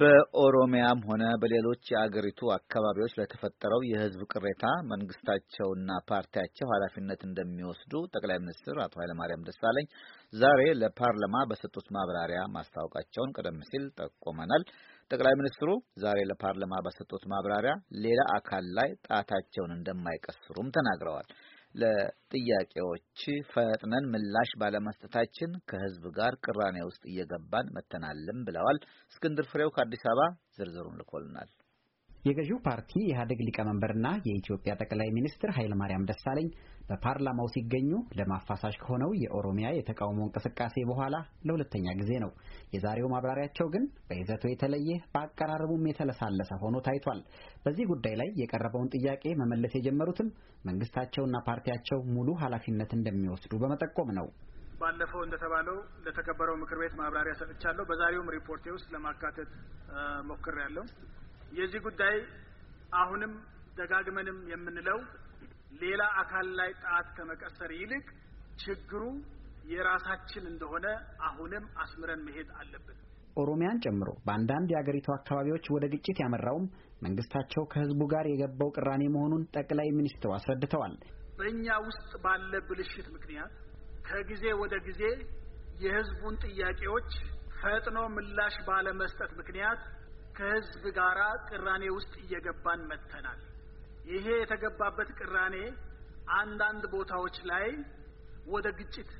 በኦሮሚያም ሆነ በሌሎች የአገሪቱ አካባቢዎች ለተፈጠረው የሕዝብ ቅሬታ መንግስታቸውና ፓርቲያቸው ኃላፊነት እንደሚወስዱ ጠቅላይ ሚኒስትር አቶ ኃይለማርያም ደሳለኝ ዛሬ ለፓርላማ በሰጡት ማብራሪያ ማስታወቃቸውን ቀደም ሲል ጠቁመናል። ጠቅላይ ሚኒስትሩ ዛሬ ለፓርላማ በሰጡት ማብራሪያ ሌላ አካል ላይ ጣታቸውን እንደማይቀስሩም ተናግረዋል። ለጥያቄዎች ፈጥነን ምላሽ ባለመስጠታችን ከህዝብ ጋር ቅራኔ ውስጥ እየገባን መተናልም ብለዋል። እስክንድር ፍሬው ከአዲስ አበባ ዝርዝሩን ልኮልናል። የገዢው ፓርቲ የኢህአዴግ ሊቀመንበርና የኢትዮጵያ ጠቅላይ ሚኒስትር ኃይለማርያም ደሳለኝ በፓርላማው ሲገኙ ለማፋሳሽ ከሆነው የኦሮሚያ የተቃውሞ እንቅስቃሴ በኋላ ለሁለተኛ ጊዜ ነው። የዛሬው ማብራሪያቸው ግን በይዘቱ የተለየ በአቀራረቡም የተለሳለሰ ሆኖ ታይቷል። በዚህ ጉዳይ ላይ የቀረበውን ጥያቄ መመለስ የጀመሩትም መንግስታቸውና ፓርቲያቸው ሙሉ ኃላፊነት እንደሚወስዱ በመጠቆም ነው። ባለፈው እንደተባለው ለተከበረው ምክር ቤት ማብራሪያ ሰጥቻለሁ። በዛሬውም ሪፖርቴ ውስጥ ለማካተት ሞክሬያለሁ። የዚህ ጉዳይ አሁንም ደጋግመንም የምንለው ሌላ አካል ላይ ጣት ከመቀሰር ይልቅ ችግሩ የራሳችን እንደሆነ አሁንም አስምረን መሄድ አለብን። ኦሮሚያን ጨምሮ በአንዳንድ የአገሪቱ አካባቢዎች ወደ ግጭት ያመራውም መንግስታቸው ከህዝቡ ጋር የገባው ቅራኔ መሆኑን ጠቅላይ ሚኒስትሩ አስረድተዋል። በእኛ ውስጥ ባለ ብልሽት ምክንያት ከጊዜ ወደ ጊዜ የህዝቡን ጥያቄዎች ፈጥኖ ምላሽ ባለመስጠት ምክንያት ከህዝብ ጋር ቅራኔ ውስጥ እየገባን መጥተናል። ይሄ የተገባበት ቅራኔ አንዳንድ ቦታዎች ላይ ወደ ግጭት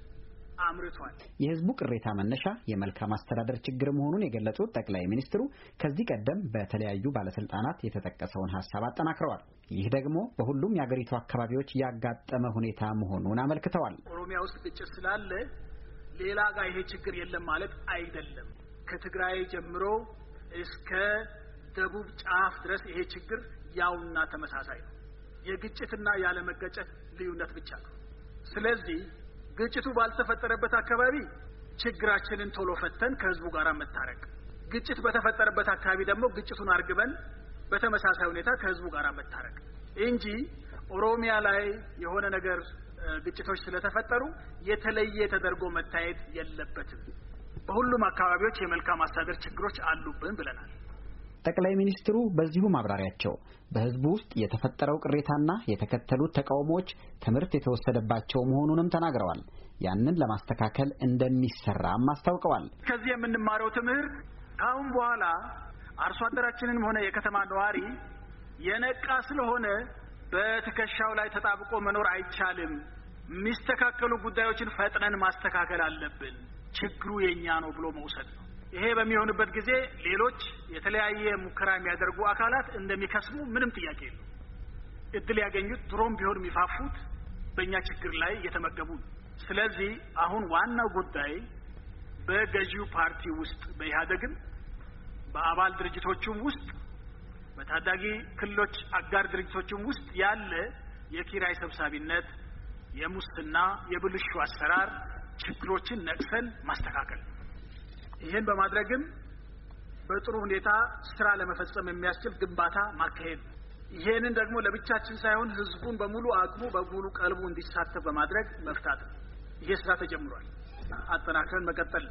አምርቷል። የህዝቡ ቅሬታ መነሻ የመልካም አስተዳደር ችግር መሆኑን የገለጹት ጠቅላይ ሚኒስትሩ ከዚህ ቀደም በተለያዩ ባለስልጣናት የተጠቀሰውን ሀሳብ አጠናክረዋል። ይህ ደግሞ በሁሉም የአገሪቱ አካባቢዎች ያጋጠመ ሁኔታ መሆኑን አመልክተዋል። ኦሮሚያ ውስጥ ግጭት ስላለ ሌላ ጋር ይሄ ችግር የለም ማለት አይደለም። ከትግራይ ጀምሮ እስከ ደቡብ ጫፍ ድረስ ይሄ ችግር ያውና ተመሳሳይ ነው። የግጭትና ያለመገጨት ልዩነት ብቻ ነው። ስለዚህ ግጭቱ ባልተፈጠረበት አካባቢ ችግራችንን ቶሎ ፈተን ከህዝቡ ጋር መታረቅ፣ ግጭት በተፈጠረበት አካባቢ ደግሞ ግጭቱን አርግበን በተመሳሳይ ሁኔታ ከህዝቡ ጋር መታረቅ እንጂ ኦሮሚያ ላይ የሆነ ነገር ግጭቶች ስለተፈጠሩ የተለየ ተደርጎ መታየት የለበትም። በሁሉም አካባቢዎች የመልካም አስተዳደር ችግሮች አሉብን ብለናል። ጠቅላይ ሚኒስትሩ በዚሁ ማብራሪያቸው በህዝቡ ውስጥ የተፈጠረው ቅሬታና የተከተሉት ተቃውሞዎች ትምህርት የተወሰደባቸው መሆኑንም ተናግረዋል። ያንን ለማስተካከል እንደሚሰራም አስታውቀዋል። ከዚህ የምንማረው ትምህርት ከአሁን በኋላ አርሶ አደራችንም ሆነ የከተማ ነዋሪ የነቃ ስለሆነ በትከሻው ላይ ተጣብቆ መኖር አይቻልም። የሚስተካከሉ ጉዳዮችን ፈጥነን ማስተካከል አለብን። ችግሩ የኛ ነው ብሎ መውሰድ ነው። ይሄ በሚሆንበት ጊዜ ሌሎች የተለያየ ሙከራ የሚያደርጉ አካላት እንደሚከስሙ ምንም ጥያቄ የለው። እድል ያገኙት ድሮም ቢሆን የሚፋፉት በእኛ ችግር ላይ እየተመገቡ ነው። ስለዚህ አሁን ዋናው ጉዳይ በገዢው ፓርቲ ውስጥ በኢህአደግም በአባል ድርጅቶቹም ውስጥ በታዳጊ ክልሎች አጋር ድርጅቶችም ውስጥ ያለ የኪራይ ሰብሳቢነት፣ የሙስና፣ የብልሹ አሰራር ችግሮችን ነቅሰን ማስተካከል። ይህን በማድረግም በጥሩ ሁኔታ ስራ ለመፈጸም የሚያስችል ግንባታ ማካሄድ። ይህንን ደግሞ ለብቻችን ሳይሆን ህዝቡን በሙሉ አቅሙ በሙሉ ቀልቡ እንዲሳተፍ በማድረግ መፍታት ነው። ይሄ ስራ ተጀምሯል፣ አጠናክረን መቀጠል።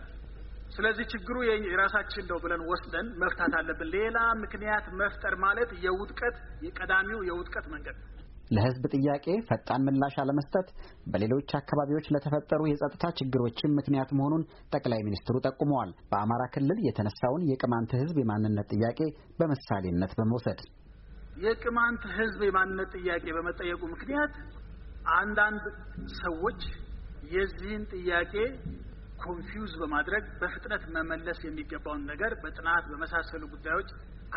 ስለዚህ ችግሩ የራሳችን ነው ብለን ወስደን መፍታት አለብን። ሌላ ምክንያት መፍጠር ማለት የውጥቀት የቀዳሚው የውጥቀት መንገድ ነው። ለህዝብ ጥያቄ ፈጣን ምላሽ አለመስጠት በሌሎች አካባቢዎች ለተፈጠሩ የጸጥታ ችግሮችም ምክንያት መሆኑን ጠቅላይ ሚኒስትሩ ጠቁመዋል። በአማራ ክልል የተነሳውን የቅማንት ህዝብ የማንነት ጥያቄ በምሳሌነት በመውሰድ የቅማንት ህዝብ የማንነት ጥያቄ በመጠየቁ ምክንያት አንዳንድ ሰዎች የዚህን ጥያቄ ኮንፊውዝ በማድረግ በፍጥነት መመለስ የሚገባውን ነገር በጥናት በመሳሰሉ ጉዳዮች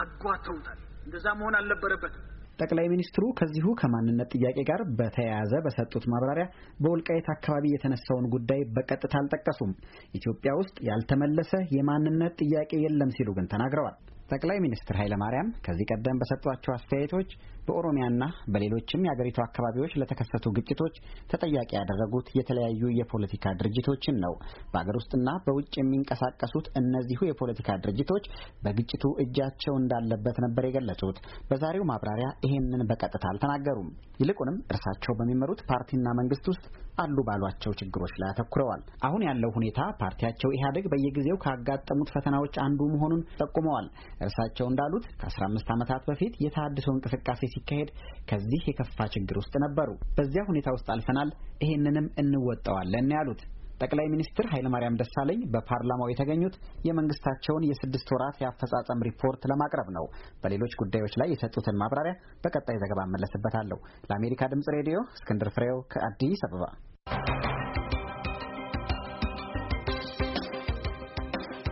አጓተውታል። እንደዛ መሆን አልነበረበትም። ጠቅላይ ሚኒስትሩ ከዚሁ ከማንነት ጥያቄ ጋር በተያያዘ በሰጡት ማብራሪያ በወልቃይት አካባቢ የተነሳውን ጉዳይ በቀጥታ አልጠቀሱም። ኢትዮጵያ ውስጥ ያልተመለሰ የማንነት ጥያቄ የለም ሲሉ ግን ተናግረዋል። ጠቅላይ ሚኒስትር ኃይለማርያም ከዚህ ቀደም በሰጧቸው አስተያየቶች በኦሮሚያና በሌሎችም የአገሪቱ አካባቢዎች ለተከሰቱ ግጭቶች ተጠያቂ ያደረጉት የተለያዩ የፖለቲካ ድርጅቶችን ነው። በአገር ውስጥና በውጭ የሚንቀሳቀሱት እነዚሁ የፖለቲካ ድርጅቶች በግጭቱ እጃቸው እንዳለበት ነበር የገለጹት። በዛሬው ማብራሪያ ይሄንን በቀጥታ አልተናገሩም። ይልቁንም እርሳቸው በሚመሩት ፓርቲና መንግስት ውስጥ አሉ ባሏቸው ችግሮች ላይ አተኩረዋል። አሁን ያለው ሁኔታ ፓርቲያቸው ኢህአዴግ በየጊዜው ካጋጠሙት ፈተናዎች አንዱ መሆኑን ጠቁመዋል። እርሳቸው እንዳሉት ከ15 ዓመታት በፊት የተሃድሶ እንቅስቃሴ ሲካሄድ ከዚህ የከፋ ችግር ውስጥ ነበሩ። በዚያ ሁኔታ ውስጥ አልፈናል፣ ይሄንንም እንወጣዋለን ያሉት ጠቅላይ ሚኒስትር ኃይለማርያም ደሳለኝ በፓርላማው የተገኙት የመንግስታቸውን የስድስት ወራት የአፈጻጸም ሪፖርት ለማቅረብ ነው። በሌሎች ጉዳዮች ላይ የሰጡትን ማብራሪያ በቀጣይ ዘገባ እመለስበታለሁ። ለአሜሪካ ድምጽ ሬዲዮ እስክንድር ፍሬው ከአዲስ አበባ